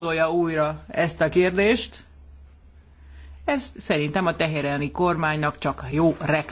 gondolja újra ezt a kérdést. Ez szerintem a teherelni kormánynak csak jó reklám.